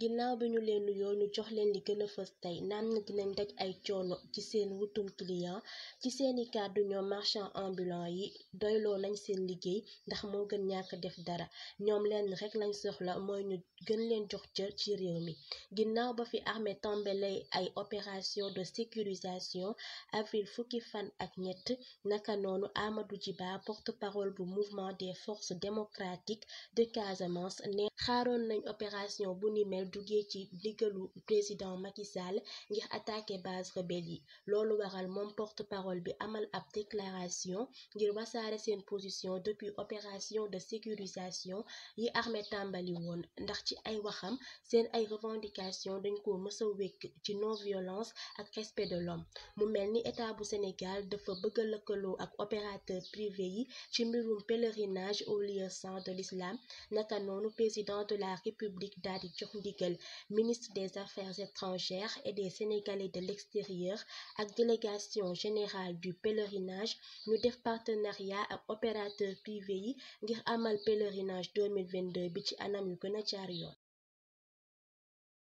ginnaaw bi ñu leen nuyoo ñu jox leen li gën a fës tey naam na dinañ daj ay coono ci seen wutum client ci seeni kàddu ñoom marchand ambulant yi doyloo nañ seen liggéey ndax moo gën ñàkk def dara ñoom leen rek lañ soxla mooy ñu gën leen jox cër ci réew mi ginnaaw ba fi armée tàmbalee ay opération de sécurisation avril fukki fan ak ñett naka noonu Amadou Djiba porte-parole bu mouvement des forces démocratiques de Casamance ne xaaroon nañ opération duggee ci digelu président Macky Sall ngir attaquer base rebelle yi lolu waral mom porte parole bi amal ab déclaration ngir wasare une position depuis opération de sécurisation yi l'armée tambali won ndax ci ay waxam sen ay revendication dañ ko wék ci non violence ak respect de l'homme mu melni état bu Sénégal dafa bëgg a ak opérateur privé yi ci mbirum pèlerinage au lieu saint de l'islam naka nonu président de la république d'Adi ministre des Affaires étrangères et des Sénégalais de l'extérieur avec délégation générale du pèlerinage nous def partenariat avec opérateur privé pèlerinage 2022 bi ci